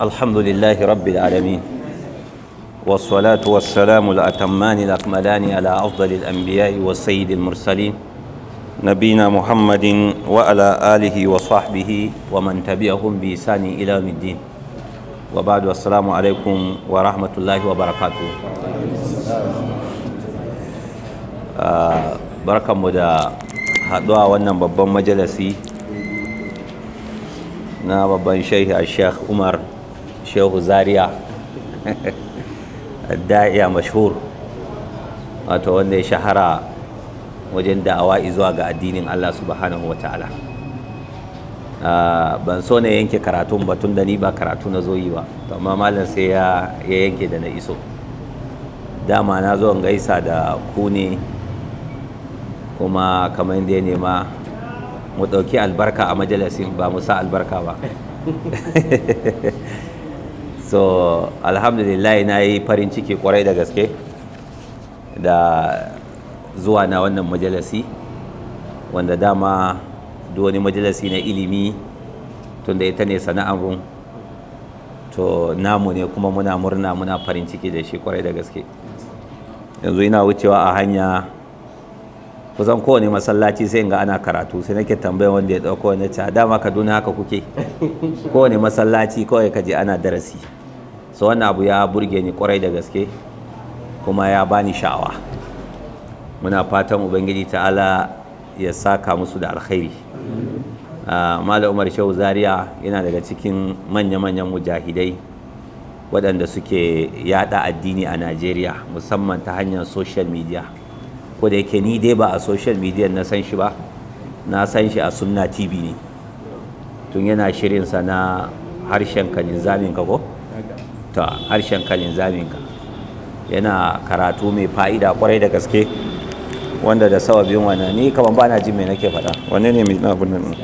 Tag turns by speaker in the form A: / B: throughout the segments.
A: الحمد لله رب العالمين والصلاة والسلام الأتمان الأكملان على أفضل الأنبياء والسيد المرسلين نبينا محمد وعلى آله وصحبه ومن تبعهم بإحسان إلى يوم الدين وبعد السلام عليكم ورحمة الله وبركاته آه، بركة مدى ونم ونبب مجلسي نا babban شيخ الشيخ عمر shehu zaria da'iya mashhur wato wanda ya shahara wajen da'awa zuwa ga addinin Allah subhanahu wa ta'ala ah, ban so na yanke karatun tun da ni ba karatu na zo yi ba to amma malam sai ya ya yanke da na iso dama na zo gaisa da ku ne kuma kamar inda ya nema mu ɗauki albarka a majalisin ba mu sa albarka ba so alhamdulillah na yi farin ciki kwarai da gaske da zuwa na wannan majalasi wanda dama majalasi na ilimi tunda ita ne sana'arun to namu ne kuma muna murna muna farin ciki da shi kwarai da gaske yanzu ina wucewa a hanya kusan kowane masallaci sai ga ana karatu sai nake tambaya wanda ya dauko wani ce dama kaduna haka kuke kowane masallaci kawai kaje ana darasi so wannan abu ya burge ni kwarai da gaske kuma ya bani sha'awa muna fatan ubangiji ta'ala ya saka musu da alkhairi ah, mala umar shehu zaria yana daga cikin manya-manyan mujahidai waɗanda suke yada addini a najeriya musamman ta hanyar social media ko da yake ni dai ba a social media na san shi ba na san shi a sunna tv ne tun yana shirinsa na harshen ka ka ko ta harshen kalin zaminka yana karatu mai fa'ida kwarai da gaske wanda da sababin wani ni kaman ba na jin me nake faɗa wani ne mai na abin nan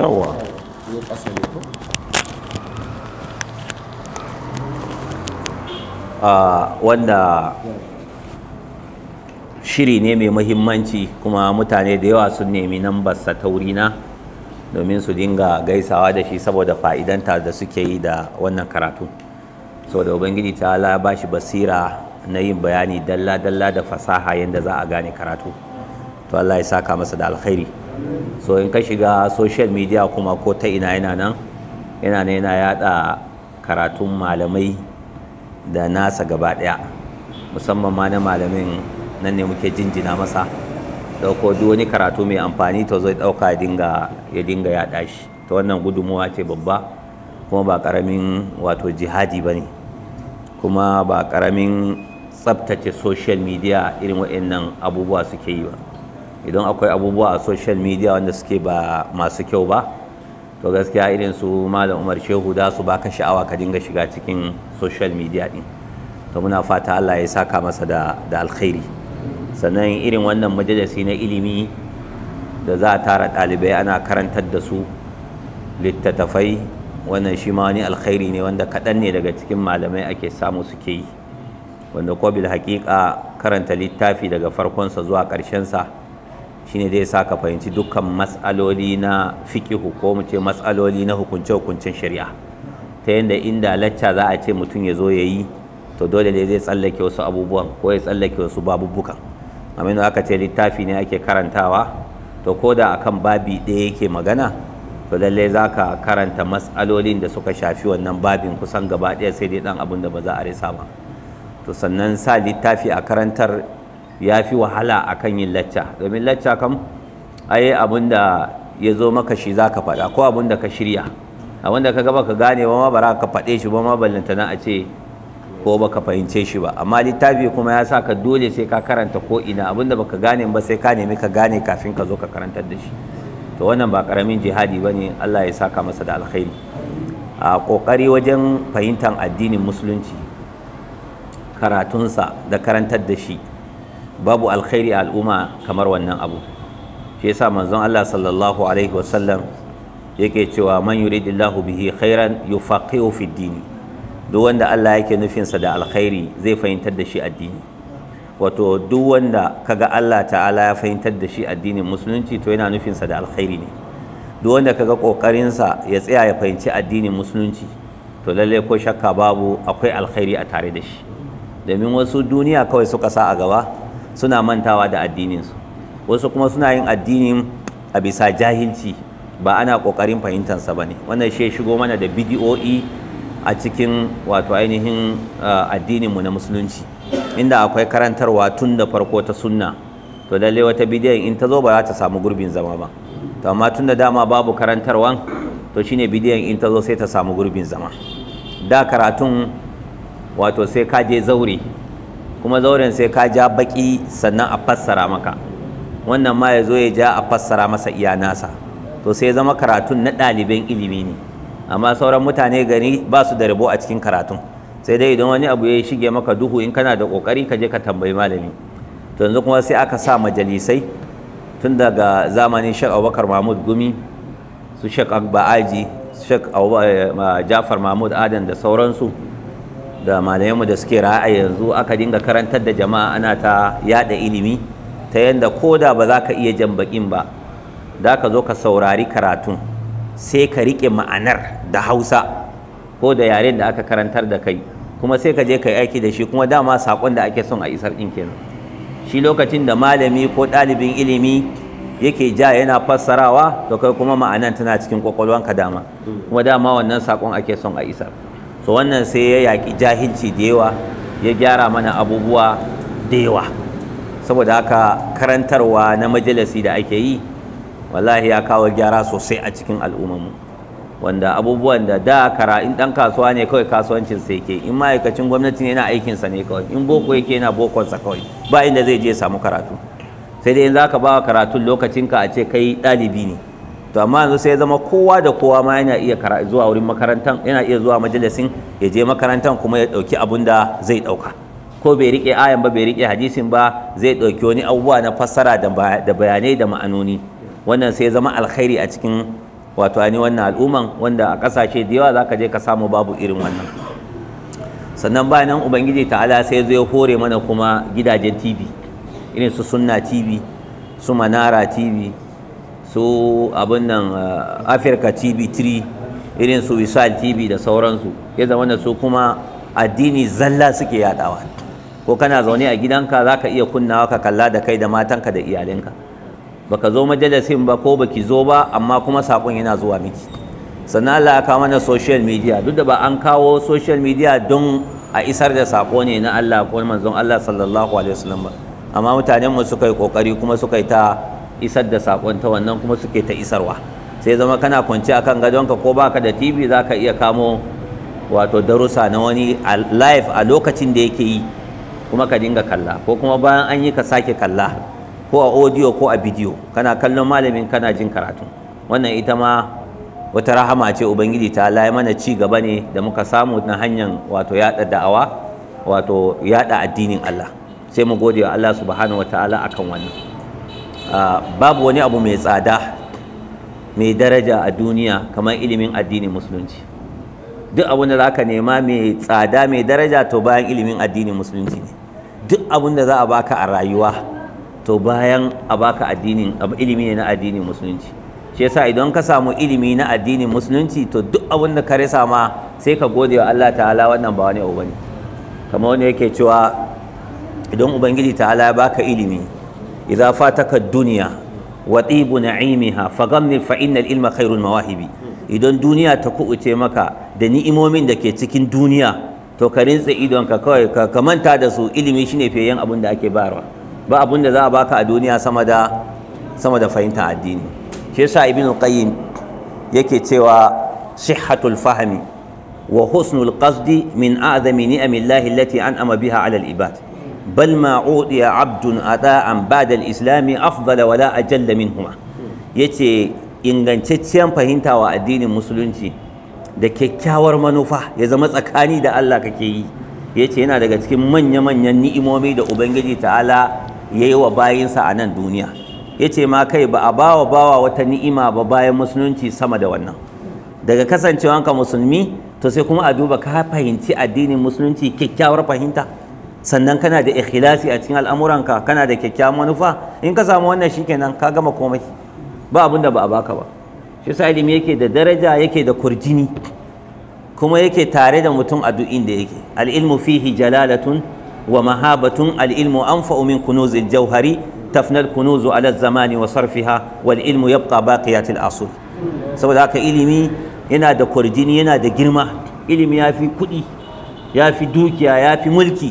A: yawa ah, wanda shiri ne mai muhimmanci kuma mutane da yawa sun nemi nambarsa ta taurina. domin su dinga gaisawa da shi saboda fa'idanta da suke yi da wannan karatu saboda ubangiji ta ala ba shi basira na yin bayani dalla-dalla da fasaha yadda za a gane karatu to Allah ya saka masa da alkhairi so in ka shiga social media kuma ko ta ina yana nan yana yana yada karatun malamai da nasa gaba daya musamman ma na malamin nan ne muke jinjina masa ko duk wani karatu mai amfani ta zai ɗauka ya dinga ya shi ta wannan gudunmuwa ce babba kuma ba karamin wato jihadi ba ne kuma ba karamin tsabtace social media irin waɗannan abubuwa suke yi ba idan akwai abubuwa a social media wanda suke ba masu kyau ba to gaskiya irin su malam umar shehu da su baka sha'awa ka dinga shiga cikin social media din to muna fata allah ya saka masa da alkhairi sannan irin wannan majalisi na ilimi da za a tara ɗalibai ana karantar da su littattafai wannan shi ma wani alkhairi ne wanda kaɗan ne daga cikin malamai ake samu suke yi wanda ko bil haƙiƙa karanta littafi daga farkonsa zuwa ƙarshensa shine zai sa ka fahimci dukkan matsaloli na fiƙihu ko mu ce matsaloli na hukunce-hukuncen shari'a ta yadda inda lacca za a ce mutum ya zo ya yi to dole ne zai tsallake wasu abubuwan ko ya tsallake wasu babubukan amin aka ce littafi ne ake karantawa to ko da akan babi ɗaya yake magana to lallai za ka karanta matsalolin da suka shafi wannan babin kusan gaba ɗaya sai dai ɗan abin da ba za a risa ba to sannan sa littafi a karantar ya fi wahala a kan yin lacca domin lacca kam ai abin da ya zo maka shi za ka faɗa ko abun da ka shirya abin da ka gaba ka gane ba ma ba ka faɗe shi ba ma ballantana a ce ko baka fahimce shi ba amma littafi kuma ya sa ka dole sai ka karanta ko ina abinda baka gane ba sai ka nemi ka gane kafin ka zo ka karantar da shi to wannan ba karamin jihadi ba ne Allah ya saka masa da alkhairi a kokari wajen fahimtar addinin musulunci karatunsa da karantar da shi babu alkhairi a al'umma kamar wannan abu shi yasa manzon Allah sallallahu alaihi wasallam yake cewa man yuridillahu bihi khairan yufaqihu fid dini duk wanda Allah yake nufinsa da alkhairi zai fahimtar da shi addini wato duk wanda kaga Allah ta'ala ya fahimtar da shi addinin musulunci to yana nufinsa da alkhairi ne duk wanda kaga kokarinsa ya tsaya ya fahimci addinin musulunci to lalle ko shakka babu akwai alkhairi a tare da shi domin wasu duniya kawai suka sa a gaba suna mantawa da addininsu wasu kuma suna yin addinin a bisa jahilci ba ana ƙoƙarin fahimtansa ba ne wannan shi shigo mana da bidiyo'i a cikin wato ainihin ah, addininmu na musulunci inda akwai karantarwa tun da farko ta sunna to lalle wata bidiyan in ta zo ba za ta samu gurbin zama ba to amma tun da dama babu karantarwan to shine bidiyan in ta zo sai ta samu gurbin zama da karatun wato sai ka je zaure kuma zauren sai ka ja baki sannan a fassara maka wannan ma ya zo ya ja a fassara masa iya nasa to sai zama karatun na ɗaliban ilimi ne amma sauran mutane gani ba su da rabo a cikin karatun sai dai idan wani abu ya shige maka duhu in kana da kokari ka je ka tambayi malami to yanzu kuma sai aka sa majalisai tun daga zamanin Sheikh Abubakar Mahmud Gumi su Sheikh Ba'aji Sheikh eh, Jafar Mahmud Adan da sauransu da malayanmu da suke ra'a yanzu aka dinga karantar da jama'a ana ta yada ilimi ta yanda koda ba za ka iya jan bakin ba da ka zo ka saurari karatun sai ka riƙe ma'anar da hausa ko da yaren da aka karantar da kai kuma sai ka je ka yi aiki da shi kuma dama saƙon da ake son a isar ɗin kenan shi lokacin da malami ko ɗalibin ilimi yake ja yana fassarawa to kai kuma ma'anar tana cikin ka dama kuma dama wannan saƙon ake son a isar so wannan sai ya yaƙi jahilci da yawa ya gyara mana abubuwa da yawa saboda haka karantarwa na majalisi da ake yi wallahi ya kawo gyara sosai a cikin al'ummarmu wanda abubuwan da da kara in dan kasuwa ne kawai kasuwancin sai ke in ma'aikacin gwamnati ne yana aikin sa ne kawai in boko yake yana bokon sa kawai ba inda zai je samu karatu sai dai in zaka ba karatun lokacin ka a ce kai dalibi ne to amma yanzu sai zama kowa da kowa ma yana iya zuwa wurin makarantan yana iya zuwa majalisin ya je makarantan kuma ya dauki abun da zai dauka. ko bai rike ayan ba bai rike hadisin ba zai dauki wani abubuwa na fassara da bayanai da ma'anoni wannan sai zama alkhairi a cikin wato ani wannan al'umman wanda a kasashe da yawa za ka je ka samu babu irin wannan sannan bayan ubangiji ta'ala sai zo ya hore mana kuma gidajen tv irin su sunna tv su manara tv su abin nan eh, afirka tv 3 irin su wisal tv da sauransu ya zama da su kuma addini zalla suke yadawa ko kana zaune a gidanka za ka iya kunnawa ka kalla da kai da matanka da iyalinka baka zo majalisin ba ko baki zo ba amma kuma sakon yana zuwa miki sannan Allah ya kawo mana social media duk da ba an kawo social media don a isar da sako ne na Allah ko manzon Allah sallallahu alaihi wasallam ba amma mutanen mu suka yi kokari kuma suka yi ta isar da sakon ta wannan kuma suke ta isarwa sai zama kana kwance akan gadonka ko baka da TV zaka iya kamo wato darussa na wani live a lokacin da yake yi kuma ka dinga kalla ko kuma bayan an yi ka sake kalla ko a audio ko a bidiyo kana kallon malamin kana jin karatu wannan ita ma wata rahama ce ubangiji ta Allah mana ci gaba ne da muka samu na hanyar wato yada da'awa wato yada addinin Allah sai mu gode wa Allah subhanahu wataala akan wannan babu wani abu mai tsada mai daraja a duniya kamar ilimin addinin musulunci duk abin da zaka nema mai tsada mai daraja to bayan ilimin addinin musulunci ne duk abun da za a baka a rayuwa to bayan a baka addinin ilimi ne na addinin musulunci shi yasa idan ka samu ilimi na addinin musulunci to duk abin da ka resa ma sai ka gode wa Allah ta'ala wannan ba wani ubani kamar yake cewa idan ubangiji ta'ala ya baka ilimi idza fataka dunya wa tibu na'imiha faghamni fa innal ilma khairul mawahibi idan duniya ta kubuce maka da ni'imomin da ke cikin duniya to ka rintse idonka kawai ka manta da su ilimi shine fiyayen abin da ake bayarwa ba abun da za a baka a duniya sama da sama da fahimta addini shi yasa ibn qayyim yake cewa sihhatul fahmi wa husnul qasdi min a'zami ni'amillahi allati an'ama biha 'ala al-ibad bal ma udiya 'abdun ada'an ba'da al-islami afdala wala ajalla minhuma yace ingantacciyar fahimta wa addinin musulunci da kyakkyawar manufa ya zama tsakani da Allah kake yi yace yana daga cikin manya-manyan ni'imomi da Ubangiji ta'ala ya yi wa bayinsa a nan duniya ya ce ma kai ba a bawa bawa wata ni'ima ba bayan musulunci sama da wannan daga kasancewanka musulmi to sai kuma a duba ka fahimci addinin musulunci kyakkyawar fahimta sannan kana da ikhlasi a cikin al'amuranka kana da kyakkyawar manufa in ka samu wannan shikenan ka gama komai ba abin da ba a baka ba shi sa ilimi yake da daraja yake da kurjini kuma yake tare da mutum a duk inda yake al ilmu fihi jalalatun wa mahabatun al-ilmu anfa'u min kunuzil jauhari tafnal kunuzu ala zamani wa sarfiha wal ilmu yabqa baqiyatil asul saboda haka ilimi yana da kwarjini yana da girma ilimi ya fi kuɗi ya fi dukiya ya fi mulki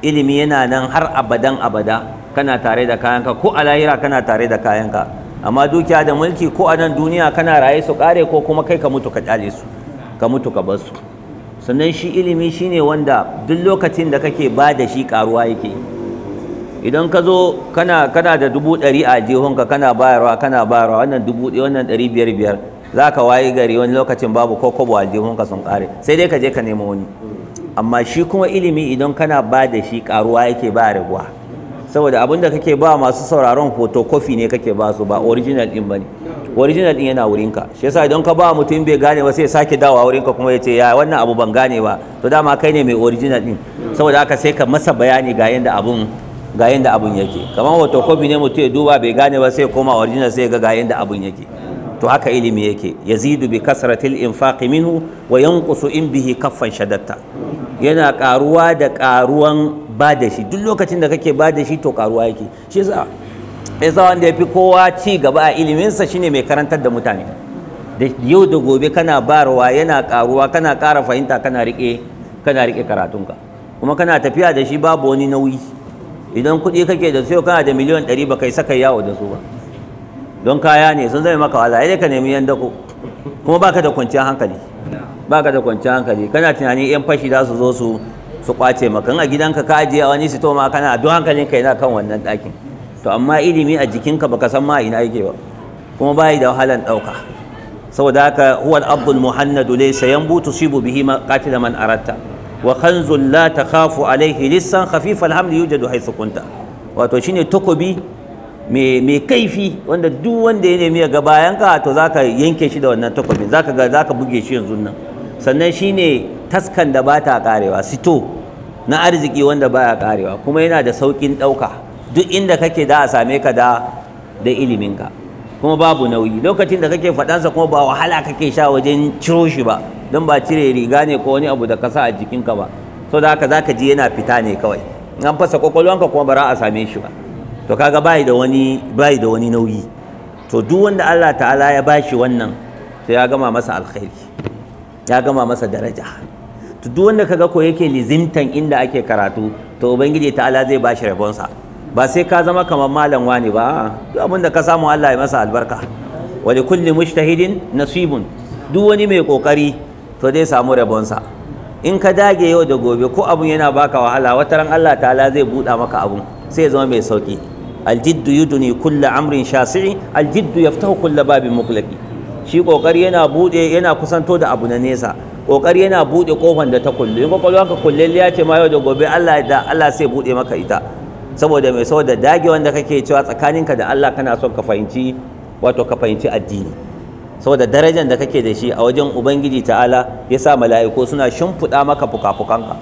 A: ilimi yana nan har abadan abada kana tare da kayanka ko a lahira kana tare da kayanka amma dukiya da mulki ko a nan duniya kana raye su kare ko kuma kai ka mutu ka kyale su ka mutu ka bar su sannan shi ilimi shine wanda duk lokacin da kake ba da shi karuwa yake idan ka zo kana da dubu ɗari a jihonka kana bayarwa kana bayarwa wannan dubu ɗaya wannan ɗari biyar biyar za ka wayi gari wani lokacin babu ko a jihunka sun ƙare sai dai ka je ka nemo wani amma shi kuma ilimi idan kana ba da shi karuwa yake ba raguwa saboda abin da kake ba masu sauraron hoto kofi ne kake ba su ba original ɗin ba ne original din yana wurinka shi yasa idan ka ba mutum bai gane ba sai ya sake dawowa ka kuma ya ce ya wannan abu ban gane ba to dama kai ne mai original din saboda haka sai ka masa bayani ga yanda abun ga yanda abun yake kamar photocopy ne mutum ya duba bai gane ba sai ya koma original sai ya ga ga yanda abun yake to haka ilimi yake yazidu bi kasratil infaqi minhu wa yanqusu in bihi kaffan shadatta yana karuwa da karuwan ba da shi duk lokacin da kake ba da shi to karuwa yake shi yasa yasa wanda ya fi kowa ci gaba a iliminsa shine mai karantar da mutane da yau da gobe kana barwa yana karuwa kana ƙara fahimta kana riƙe kana riƙe karatunka kuma kana tafiya da shi babu wani nauyi idan kuɗi kake da su kana da miliyan ɗari ba kai saka yawo da su ba don kaya ne sun zama maka wahala dai ka nemi yan dako kuma baka da kwanciyar hankali baka da kwanciyar hankali kana tunanin yan fashi za su zo su su kwace maka in a gidanka ka ajiye a wani sito ma kana duk hankalin kai na kan wannan ɗakin to amma ilimi a jikinka baka san ma ina yake ba kuma bayi da wahalan ɗauka saboda haka huwa abdul muhannadu laysa yanbu tusibu bihi qatila man aratta wa khanzul la takhafu alayhi lissan khafif al yujadu haythu kunta wato shine takobi mai kaifi wanda duk wanda ya nemi ya ga bayanka to zaka yanke shi da wannan takobin zaka ga zaka buge shi yanzu nan sannan shine taskan da bata karewa sito na arziki wanda baya karewa kuma yana da saukin ɗauka duk inda kake da a same ka da da iliminka kuma babu nauyi lokacin da kake faɗansa kuma ba wahala kake sha wajen ciro shi ba don ba cire riga ne ko wani abu da kasa sa a jikinka ba so da haka za ka ji yana fita ne kawai an fasa kwakwalwanka kuma ba za a same shi ba to kaga bai da wani bai da wani nauyi to duk wanda Allah ta'ala ya bashi wannan to ya gama masa alkhairi ya gama masa daraja to duk wanda kaga ko yake lizimtan inda ake karatu to ubangiji ta'ala zai bashi rabonsa ba sai ka zama kamar malam wani ba duk abin da ka samu Allah ya masa albarka wa li kulli mujtahidin nasibun duk wani mai kokari to dai samu rabonsa in ka dage yau da gobe ko abun yana baka wahala wata ran Allah ta'ala zai buɗa maka abun sai ya zama mai sauki aljiddu yuduni kulli amrin shasi'i aljiddu yaftahu kulli babin muklaqi shi kokari yana bude yana kusanto da abu na nesa kokari yana bude kofan da ta kullu in kokolwa ka ya ce ma yau da gobe Allah da Allah sai bude maka ita saboda mai saboda dage wanda kake cewa tsakaninka da Allah kana son ka fahimci wato ka fahimci addini saboda darajar da kake da shi a wajen ubangiji ta'ala ya sa mala'iku suna shimfiɗa maka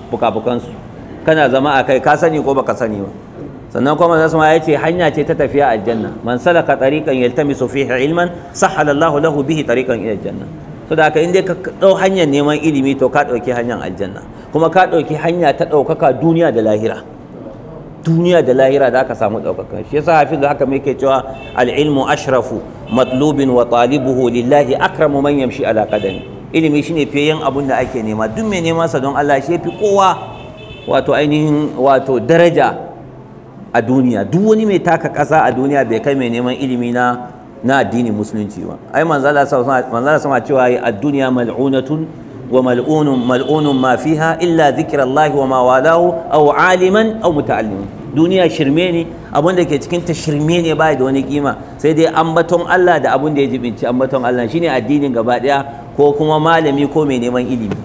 A: fukafukansu kana zama a kai ka sani ko baka sani ba sannan kuma manzo sama ya ce hanya ce ta tafiya aljanna man salaka tariqan yaltamisu fihi ilman sahala Allahu lahu bihi tariqan ila aljanna saboda da in inda ka dau hanyar neman ilimi to ka dauki hanyar aljanna kuma ka dauki hanya ta daukaka duniya da lahira duniya da lahira da aka samu ɗaukaka shi yasa hafiz haka mai ke cewa al'ilmu ashrafu matlubin wa talibuhu lillahi akramu man yamshi ala qadami ilimi shine fiyen abun da ake nema duk mai neman sa don Allah shi fi kowa wato ainihin wato daraja a duniya duk wani mai taka ƙasa a duniya bai kai mai neman ilimi na na addinin musulunci ba ai manzala sama cewa a duniya mal'unatun mal'unun ملؤون ما فيها illa ذكر wa وما والاه أو عالما أو متعلما duniya shirme ne abin da ke ta shirme ne ba da wani kima sai dai ambaton Allah da abin da ya jibinci ambaton Allah shine addinin gaba daya ko kuma malami ko mai neman ilimi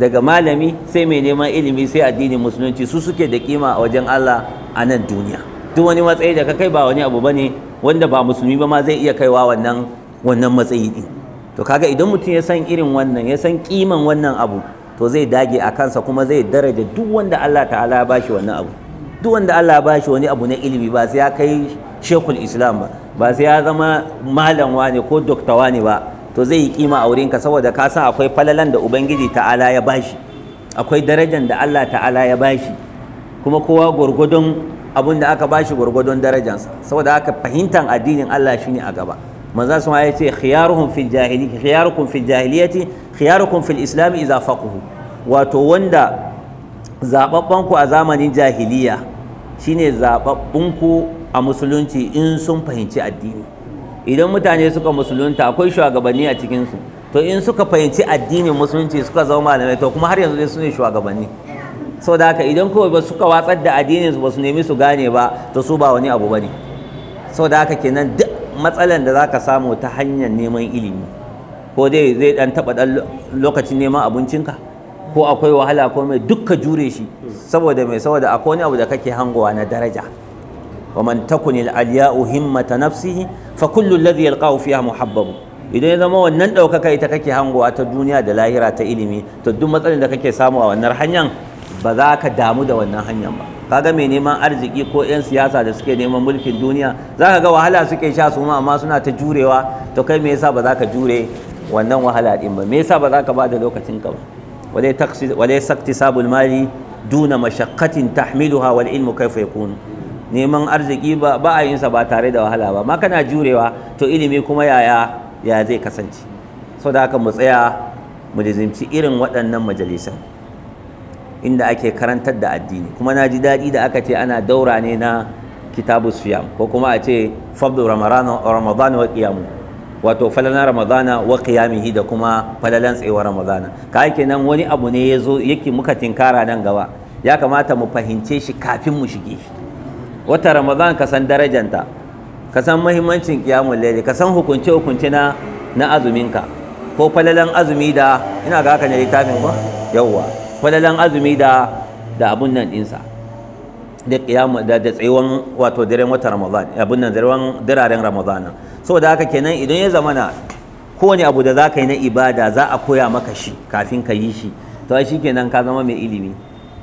A: daga malami sai mai neman ilimi sai addinin musulunci su suke da kima a wajen Allah a nan duniya duk wani matsayi da ka kai ba wani abu bane wanda ba musulmi ba ma zai iya kaiwa wannan wannan matsayi din to kaga idan mutum ya san irin wannan ya san kiman wannan abu to zai dage a kansa kuma zai daraja duk wanda Allah ta'ala ya bashi wannan abu duk wanda Allah ba shi wani abu na ilimi ba sai ya kai shekul islam ba ba sai ya zama malam wani ko dokta wani ba to zai yi kima a wurinka saboda ka san akwai falalan da ubangiji ta'ala ya bashi akwai darajan da Allah ta'ala ya bashi kuma kowa gwargwadon abin da aka bashi gwargwadon darajansa saboda aka fahimta addinin Allah ne a gaba manzo su ya ce khiyaruhum fil jahili khiyarukum fil jahiliyati khiyarukum fil islam idza faqahu wato wanda Zaɓaɓɓanku a zamanin jahiliya shine zaɓaɓɓunku a musulunci in sun fahimci addini idan mutane suka musulunta akwai shugabanni a cikinsu to in suka fahimci addinin musulunci suka zama malamai to kuma har yanzu dai su ne shugabanni sau da haka idan kawai ba suka watsar da addinin su ba su nemi su gane ba to su ba wani abu ba ne sau da haka kenan duk matsalan da za ka samu ta hanyar neman ilimi ko dai zai dan taɓa ɗan lokacin neman abincinka ko akwai wahala ko mai dukka jure shi saboda mai saboda akwai wani abu da kake hangowa na daraja wa man takunil aliya'u himmata nafsihi fa kullu alladhi yalqahu fiha muhabbabu idan ya zama wannan ɗaukaka ita kake hangowa ta duniya da lahira ta ilimi to duk matsalin da kake samu a wannan hanyar ba za ka damu da wannan hanyar ba kaga mai neman arziki ko 'yan siyasa da suke neman mulkin duniya za ka ga wahala suke sha su ma amma suna ta jurewa to kai me yasa ba za ka jure wannan wahala ɗin ba me yasa ba za ka ba da lokacin ka ba وليس اكتساب المال دون مشقة تحملها والعلم كيف يكون neman arziki ba ba a yin ba tare da wahala ba ma kana jurewa to ilimi kuma yaya ya zai kasance saboda haka mu tsaya mu lizimci irin waɗannan majalisan inda ake karantar da addini kuma na ji daɗi da aka ce ana daura ne na kitabu siyam ko kuma a ce fabdu ramadan wa qiyamu wato falalan ramadana wa qiyamihi da kuma falalan tsayuwar ramadana ka kenan wani abu ne ya zo yake muka tinkara nan gaba ya kamata mu fahimce shi kafin mu shige shi wata ramadan ka san darajanta ka san muhimmancin qiyamul layli ka san hukunce hukunce na na azuminka ko falalan azumi da ina ga haka ne littafin ba yawwa falalan azumi da da abun nan dinsa da kiyama da da tsayuwan wato daren wata ramadan abin nan daren diraren ramadan saboda haka kenan idan ya zamana kowane abu da zaka yi na ibada za a koya maka shi kafin ka yi shi to ai shikenan ka zama mai ilimi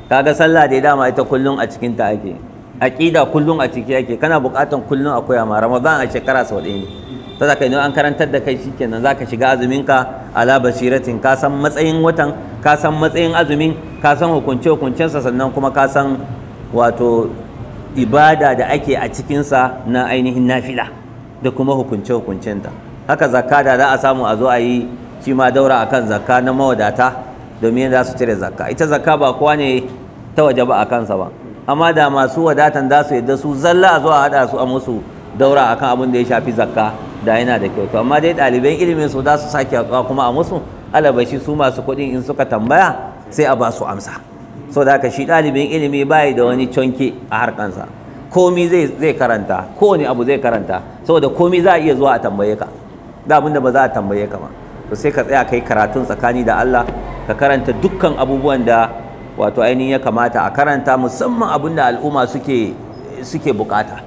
A: kaga sallah da dama ita kullun a cikin ta ake aqida kullun a ciki ake kana buƙatan kullun a koya ma ramadan a shekara sau ɗaya ne ta zaka idan an karantar da kai shikenan zaka shiga azumin ka ala basiratin ka san matsayin watan ka san matsayin azumin ka san hukunce hukuncensa sannan kuma ka san wato ibada da ake a cikinsa na ainihin nafila da kuma hukunce-hukuncenta haka zakka da za a samu a zo a yi shi ma daura kan zakka na mawadata domin za su cire zakka ita zakka ba kowa ne ta waje ba a kansa ba amma da masu wadatan za su yadda su zalla a zo a haɗa su a musu daura a kan abin da ya shafi zakka da yana da kyau to amma dai ɗaliban ilimin su za su sake kuma a musu alabashi su masu kuɗi in suka tambaya sai a ba su amsa Saboda haka shi ɗalibin ilimi bayi da wani conke a harkansa komi zai karanta kowane abu zai karanta saboda komi za a iya zuwa a tambaye ka da abin da ba za a tambaye ka ba to sai ka tsaya kai karatun tsakani da Allah ka karanta dukkan abubuwan da wato ainihin ya kamata a karanta musamman abin da al'umma suke suke bukata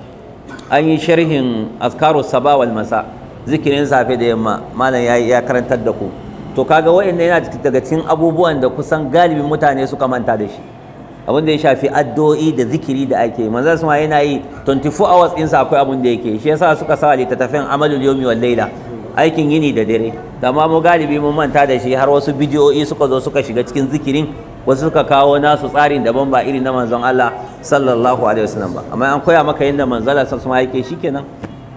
A: an yi sharhin Askaru saba wal masa zikirin safe da yamma malam ya karantar da ku to kaga wa'annan yana daga cikin abubuwan da kusan galibin mutane suka manta da shi abin da ya shafi addu'o'i da zikiri da ake manzon sama yana yi 24 hours ɗinsa akwai abin da yake shi yasa suka sa littattafan amalul yawmi wal laila aikin yini da dare da mu galibi mun manta da shi har wasu bidiyoyi suka zo suka shiga cikin zikirin wasu suka kawo nasu tsarin daban ba irin na manzon Allah sallallahu alaihi wasallam ba amma an koya maka yadda manzon Allah sallallahu alaihi wasallam yake shikenan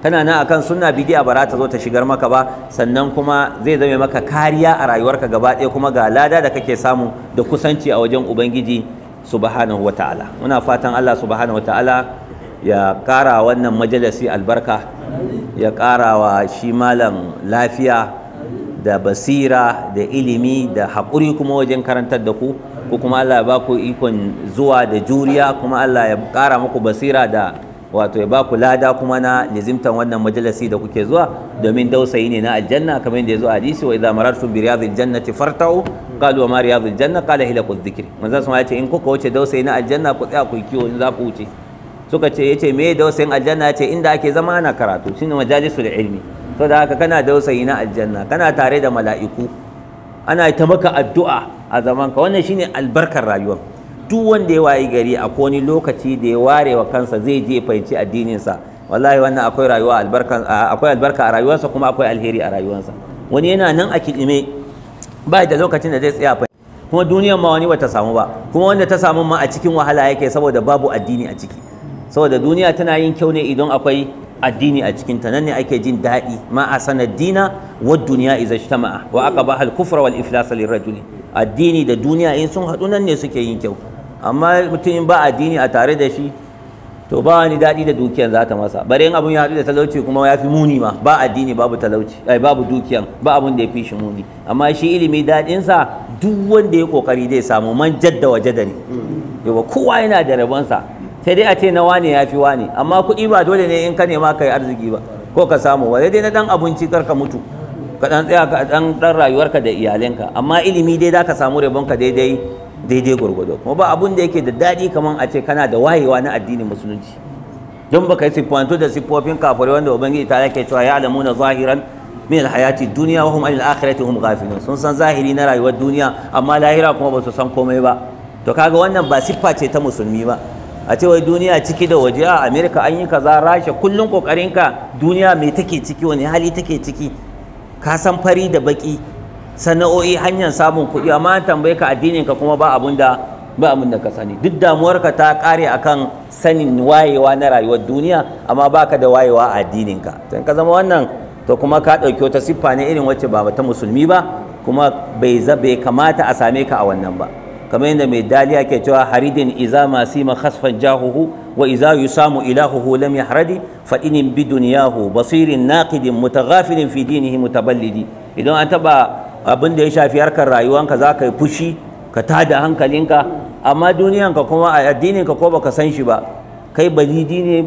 A: kana nan akan sunna bidiya bara ta zo ta shigar maka ba sannan kuma zai zame maka kariya a rayuwarka gaba ɗaya kuma ga lada da kake samu da kusanci a wajen ubangiji subhanahu wataala muna fatan Allah subhanahu wataala ya kara wannan majalisi albarka ya kara wa shi malam lafiya da basira da ilimi da haƙuri kuma wajen karantar da ku ko kuma Allah ya ba ku ikon zuwa da juriya kuma Allah ya ƙara muku basira da wato ya baku lada kuma na lizimtan wannan majalisi da kuke zuwa domin dausayi ne na aljanna kamar yadda ya zo a hadisi wa idza marartum bi riyadil jannati fartau qalu wa ma riyadil janna qala hilaqu dhikri manzo sun ya ce in kuka wuce dausayi na aljanna ku tsaya ku kiwo in za ku wuce suka ce yace me dausayin aljanna yace inda ake zama ana karatu shine majalisul ilmi to da haka kana dausayi na aljanna kana tare da mala'iku ana ta maka addu'a a zamanka wannan shine albarkar rayuwa duk wanda ya wayi gari a wani lokaci da ya ware wa kansa zai je fahimci addininsa wallahi wannan akwai rayuwa albarka akwai albarka a rayuwarsa kuma akwai alheri a rayuwarsa wani yana nan a kidime ba da lokacin da zai tsaya fa kuma duniyar ma wani bata samu ba kuma wanda ta samu ma a cikin wahala yake saboda babu addini a ciki saboda duniya tana yin kyau ne idan akwai addini a cikin ta nan ne ake jin daɗi ma a sanadina wa duniya iza ijtama'a wa ba al kufra wal iflasa lirajuli addini da duniya in sun haɗu nan ne suke yin kyau amma mutum in ba addini a tare da shi to ba wani daɗi da dukiyan za ta masa bare in abun ya haɗu da talauci kuma ya fi muni ma ba addini babu talauci ai babu dukiyan ba abun da ya fi shi muni amma shi ilimi daɗinsa duk wanda ya kokari zai samu man jadda wa da ne yawa kowa yana da rabonsa sai dai a ce na wane ya fi wane amma kuɗi ba dole ne in ka nema ka yi arziki ba ko ka samu wa dai na ɗan abinci kar ka mutu ka ɗan tsaya ka ɗan rayuwarka da iyalinka amma ilimi dai za ka samu rabonka daidai daidai gwargwado kuma ba abun da yake da daɗi kamar a ce kana da wayewa na addinin musulunci don baka yi siffanto da siffofin kafare wanda ubangiji ta yake cewa ya alamuna zahiran min alhayati duniya wa hum anil akhirati hum ghafilun sun san zahiri na rayuwar duniya amma lahira kuma ba su san komai ba to kaga wannan ba siffa ce ta musulmi ba a ce wai duniya ciki da waje a america an yi kaza rasha kokarin kokarinka duniya me take ciki wani hali take ciki ka san fari da baki sana'o'i hanyar samun kuɗi amma an tambaye ka addinin ka kuma ba abun da ba da ka sani duk damuwarka ta kare akan sanin wayewa na rayuwar duniya amma baka da wayewa a addinin ka to ka zama wannan to kuma ka ɗauki wata siffa ne irin wacce ba ta musulmi ba kuma bai bai kamata a same ka a wannan ba kamar yadda mai daliya ke cewa haridin iza masima khasfan jahuhu wa iza samu ilahuhu lam yahradi Fadinin bi duniyahu. basirin naqidin mutaghafilin fi dinihi mutaballidi idan an taba abin da ya shafi harkar rayuwanka za ka yi fushi ka da hankalinka amma duniyanka kuma a addininka ko baka san shi ba kai balidi ne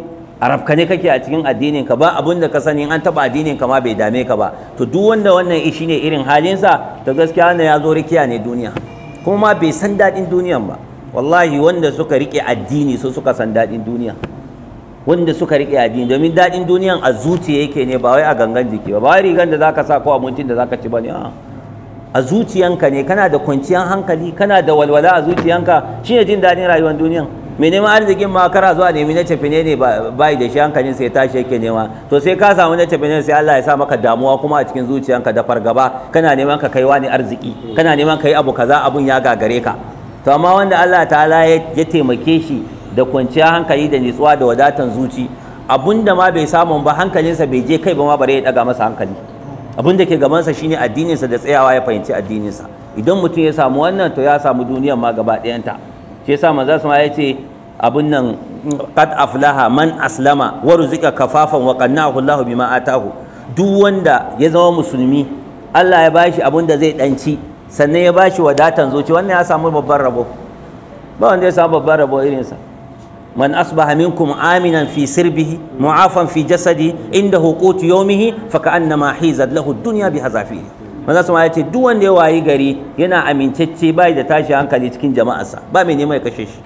A: arabka ne kake a cikin addininka ba abin da ka sani an taba addininka ma bai dame ka ba to duk wanda wannan shi ne irin halinsa to gaskiya wannan ya zo rikiya ne duniya kuma ma bai san daɗin duniyan ba wallahi wanda suka rike addini su suka san daɗin duniya wanda suka rike addini domin daɗin duniyan a zuciya yake ne ba wai a gangan jiki ba ba wai rigan da zaka sa ko abincin da zaka ci ba ne a'a a zuciyanka ne kana da kwanciyar hankali kana da walwala a zuciyanka shine jin daɗin rayuwar duniyan mai neman arzikin ma kara zuwa nemi na cefine ne bai da shi hankalin sai tashi yake nema to sai ka samu na ne sai Allah ya sa maka damuwa kuma a cikin zuciyanka da fargaba kana neman ka kai wani arziki kana neman ka yi abu kaza abun ya gagare ka to amma wanda Allah ta'ala ya taimake shi da kwanciyar hankali da nitsuwa da wadatan zuci abun da ma bai samu ba hankalinsa bai je kai ba ma bare ya daga masa hankali abin da ke gabansa shine addininsa da tsayawa ya fahimci addininsa idan mutum ya samu wannan to ya samu duniyar ma gaba ɗayanta shi yasa manzo sama ya ce abin nan qad aflaha man aslama wa ruzika kafafan wa a Allahu bima atahu duk wanda ya zama musulmi Allah ya bashi abin da zai danci sannan ya bashi wadatan zuci wannan ya samu babban rabo ba wanda ya samu babban rabo irinsa man asbaha minkum aminan fi sirbihi mu'afan fi jasadi inda hukutu yaumihi faka annama hizat lahu dunya bi hazafi ya ce duk wanda ya wayi gari yana amintacce bai da tashi hankali cikin jama'arsa ba mai neman ya kashe shi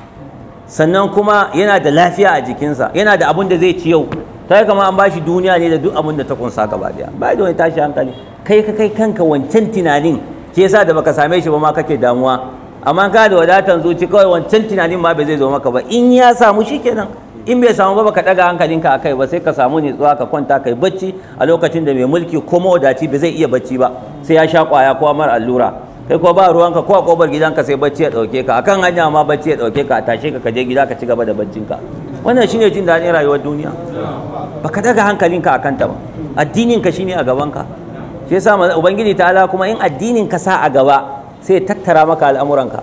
A: sannan kuma yana da lafiya a jikinsa yana da abun da zai ci yau ta yi kama an ba shi duniya ne da duk abun da ta kunsa gaba daya bai da wani tashi hankali kai ka kai kanka wancan tunanin ke yasa da baka same shi ba ma kake damuwa amma ka da wadatan zuci kawai wancan tunanin ma bai zai zo maka ba in ya samu shikenan in bai samu ba ka daga hankalinka akai ba sai ka samu tsuwa ka kwanta kai bacci a lokacin da mai mulki ko mawadaci bai zai iya bacci ba sai ya sha kwaya ko mar allura kai ko ba ruwanka ko a kobar gidanka sai bacci ya dauke ka akan hanya ma bacci ya dauke ka a tashe ka ka je gida ka ci gaba da baccinka wannan shine jin daɗin rayuwar duniya Ba ka daga hankalinka akan ta ba addininka shine a gabanka shi yasa ubangiji ta'ala kuma in addinin ka sa a gaba sai tattara maka al'amuranka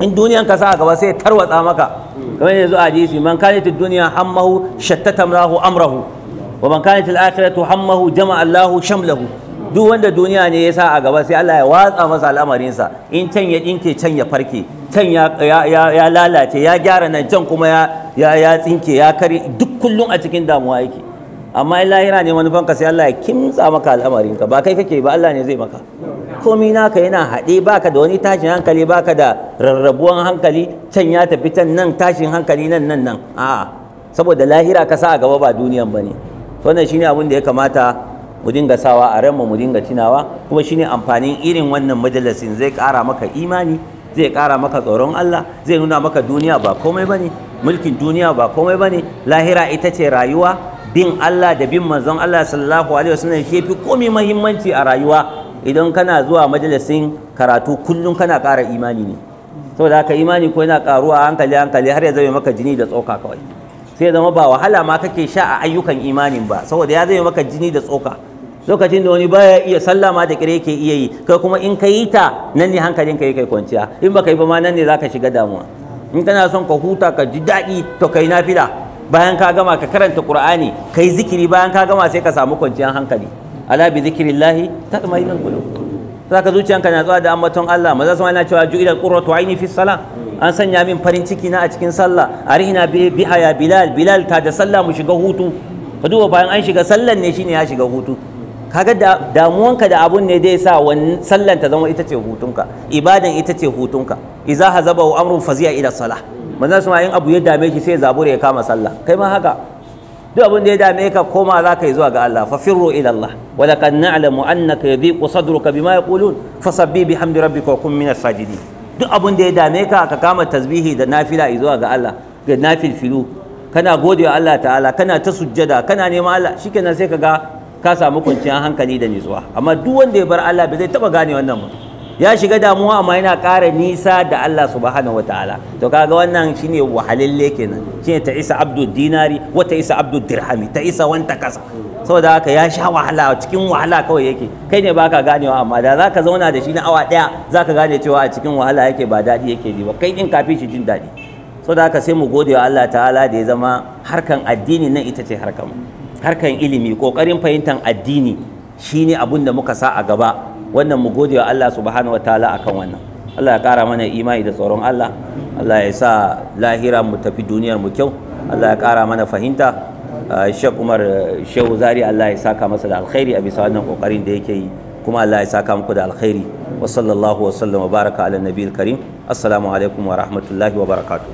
A: in duniyan ka sa a gaba sai tarwatsa maka kamar yanzu a hadisi man kanat ad hammahu shattata amrahu amrahu wa man al-akhiratu hammahu jama Allahu shamlahu duk wanda duniya ne ya sa a gaba sai Allah ya watsa masa sa. in can ya dinke can ya farke can ya lalace ya gyara nan can kuma ya tsinke ya kare duk kullum a cikin damuwa yake amma in lahira ne manufanka sai Allah ya kimtsa maka ka. ba kai kake ba Allah ne zai maka komai naka yana haɗe baka da wani tashin hankali baka da rarrabuwan hankali can ya tafi can nan tashin hankali nan nan nan a'a saboda lahira ka sa a gaba ba duniyan ne wannan shine abin da ya kamata mu dinga sawa a ranmu mu dinga tunawa kuma shine amfanin irin wannan majalisin zai ƙara maka imani zai ƙara maka tsoron Allah zai nuna maka duniya ba komai bane mulkin duniya ba komai bane lahira ita ce rayuwa bin Allah da bin manzon Allah sallallahu alaihi wasallam ke fi komai muhimmanci a rayuwa idan kana zuwa majalisin karatu kullum kana ƙara imani ne saboda haka imani ko yana ƙaruwa hankali hankali har ya zame maka jini da tsoka kawai sai ya zama ba wahala ma kake sha a ayyukan imanin ba saboda ya zame maka jini da tsoka lokacin da wani baya iya sallama da kire yake iya yi kai kuma in ka yi ta nan ne hankalin ka kai kwanciya in baka yi ba ma nan ne zaka shiga damuwa in kana son ka huta ka ji daɗi to kai nafila bayan ka gama ka karanta qur'ani kai zikiri bayan ka gama sai ka samu kwanciyar hankali ala bi llahi tatma'innul qulub zaka zuciyanka na zuwa da ambaton Allah maza sama ina cewa ju'ilal qurratu aini fi salah an sanya min farin ciki na a cikin sallah arihna bi biha bilal bilal ta da sallah mu shiga hutu ka duba bayan an shiga sallan ne shine ya shiga hutu kaga da damuwanka da abun ne dai sa wannan sallan ta zama ita ce hutunka ibadan ita ce hutunka idza hazaba amru fazi'a ila salah maza sama in abu ya dame shi sai zabure ya kama sallah kai ma haka duk abun da ya dame ka koma za ka yi zuwa ga Allah fa firru ila Allah ولقد نعلم أنك يضيق صدرك بما يقولون فصبي بحمد ربك وكن من الساجدين duk abin da ya dame ka ka kama tasbihi da nafila zuwa ga Allah ga nafil filu kana gode wa Allah ta'ala kana ta sujjada kana neman Allah shikenan sai ka ga ka samu kwanciyar hankali da nutsuwa amma duk wanda ya bar Allah ba zai taba gane wannan ba ya shiga damuwa amma yana ƙara nisa da Allah subhanahu wa ta'ala to kaga wannan shine wahalalle kenan shine ta isa abdu dinari wa ta isa abdu dirhami ta isa wanta kasa saboda haka ya sha wahala cikin wahala kawai yake kai ne baka ganewa amma da zaka zauna da shi na awa daya zaka gane cewa a cikin wahala yake ba daɗi yake ji ba kai in kafi shi jin daɗi saboda haka sai mu gode wa Allah ta'ala da ya zama harkan addini nan ita ce harkan harkan ilimi kokarin fahimtar addini shine abun da muka sa a gaba wannan mu gode wa Allah subhanahu wataala akan wannan Allah ya kara mana imani da tsoron Allah Allah ya sa lahira mu tafi duniyar mu kyau Allah ya kara mana fahimta Uh, Sheikh Umar uh, Shehu Zari Allah ya saka masa da alkhairi a bisa wannan kokarin da yake yi kuma Allah ya saka muku da alkhairi wa sallallahu wa sallam wa baraka ala nabiyil karim assalamu alaikum wa rahmatullahi wa barakatuh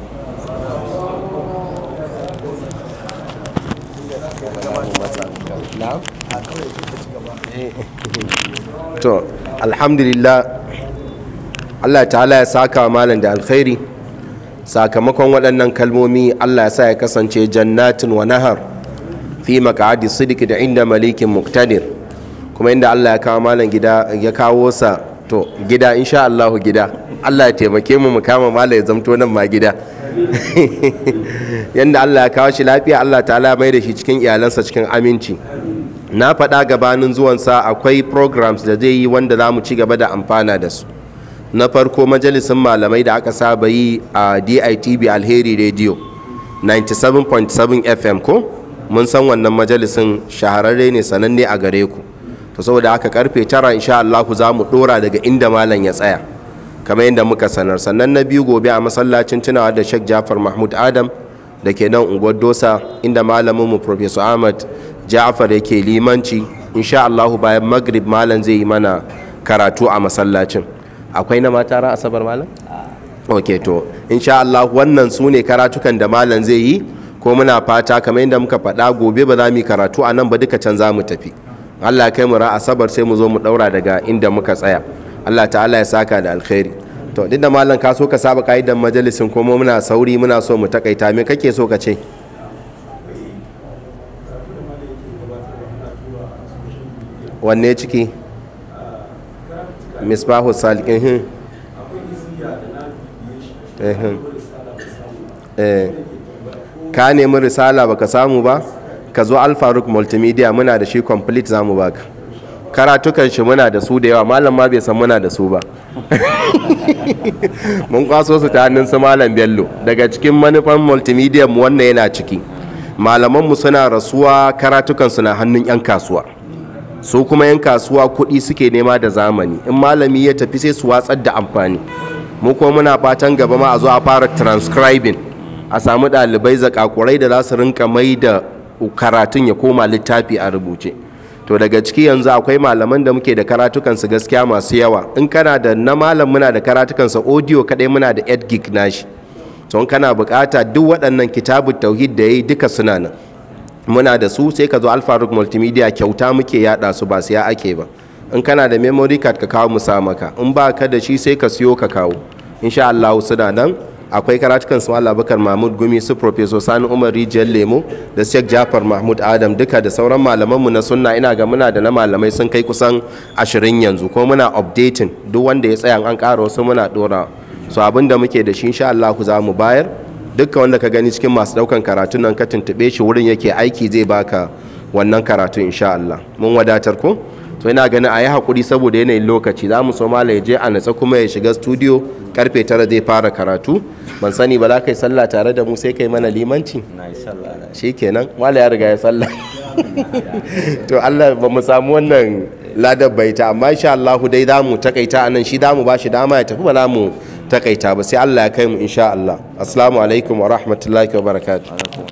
B: to alhamdulillah Allah ta'ala ya saka malam da alkhairi sakamakon waɗannan kalmomi Allah ya sa ya kasance jannatin wa nahar fi maq'adi sidiki da inda malikin muktadir kuma inda Allah ya kawo malam gida ya kawo sa to gida insha Allah gida Allah ya taimake mu mu kama malam ya zamto nan ma gida yanda Allah ya kawo shi lafiya Allah ta'ala mai da shi cikin iyalansa cikin aminci na faɗa gabanin zuwansa akwai programs da zai yi wanda za mu ci gaba da amfana da su na farko majalisin malamai da aka saba yi a ditb alheri radio 97.7 fm ko mun san wannan majalisin shahararre ne sananne a gare ku to saboda haka karfe tara insha Allah za mu dora daga inda malam ya tsaya kamar yadda muka sanar sannan na biyu gobe a masallacin tunawa da Sheikh Jafar Mahmud Adam da ke nan unguwar Dosa inda malamin mu Professor Ahmad Jafar yake limanci insha Allah bayan Maghrib malam zai yi mana karatu a masallacin akwai na mata ran asabar malam ok to insha Allah wannan su ne karatukan da malam zai yi ko muna fata kamar yadda muka faɗa gobe ba za mu yi karatu a nan ba duka can za mu tafi allah kai mu ra'a sabar sai mu zo mu ɗaura daga inda muka tsaya allah ta'ala ya saka da alkhairi to duk da malam ka so ka saba ka'idan majalisin kuma muna sauri muna so mu takaita me kake so ka ce wanne ciki misbahu salikin eh eh, eh. ka nemi risala baka samu ba ka zo alfaruk multimedia muna da shi complete zamu baka karatukan shi muna da su da yawa malam ma bai san muna da su ba mun kwaso su ta hannun su malam bello daga cikin manufan multimedia mu wannan yana ciki malamanmu suna rasuwa karatukan na hannun 'yan kasuwa su kuma 'yan kasuwa kuɗi suke nema da zamani in malami ya tafi sai su watsar da amfani mu kuma muna fatan gaba ma a zo a fara transcribing a samu ɗalibai zakakurai da za su rinka mai da karatun ya koma littafi a rubuce to daga ciki yanzu akwai malaman da muke da karatukansu gaskiya masu yawa in kana da na malam muna da karatukansa audio kadai muna da ed gig nashi to in kana bukata duk waɗannan kitabun tauhid da yayi duka suna nan muna da su sai ka zo alfaruk multimedia kyauta muke yada su ba siya ake ba in kana da memory card ka kawo mu sa maka in ba ka da shi sai ka siyo ka kawo insha Allah suna nan akwai karatukan su Allah Bakar Mahmud Gumi su Professor Sani Umar Rijiyar Lemo da Sheikh Jafar Mahmud Adam duka da sauran malaman mu na sunna ina ga muna da na malamai sun kai kusan 20 yanzu ko muna updating duk wanda ya tsaya an ƙara wasu muna dora so abinda muke da shi insha Allah za mu bayar dukkan wanda ka gani cikin masu daukan karatun nan ka tuntube shi wurin yake aiki zai baka wannan karatu insha Allah mun wadatar ko to ina ganin a yi haƙuri saboda yanayin lokaci za mu so malam ya je a natsa kuma ya shiga studio karfe tara zai fara karatu ban sani ba za ka yi sallah tare da mu sai kai mana limanci shi kenan mala ya riga ya sallah to allah ba mu samu wannan ladar baita amma insha allah dai za mu takaita a nan shi za mu ba shi dama ya tafi ba za mu takaita ba sai allah ya kai mu insha allah assalamu alaikum wa rahmatullahi wa barakatuh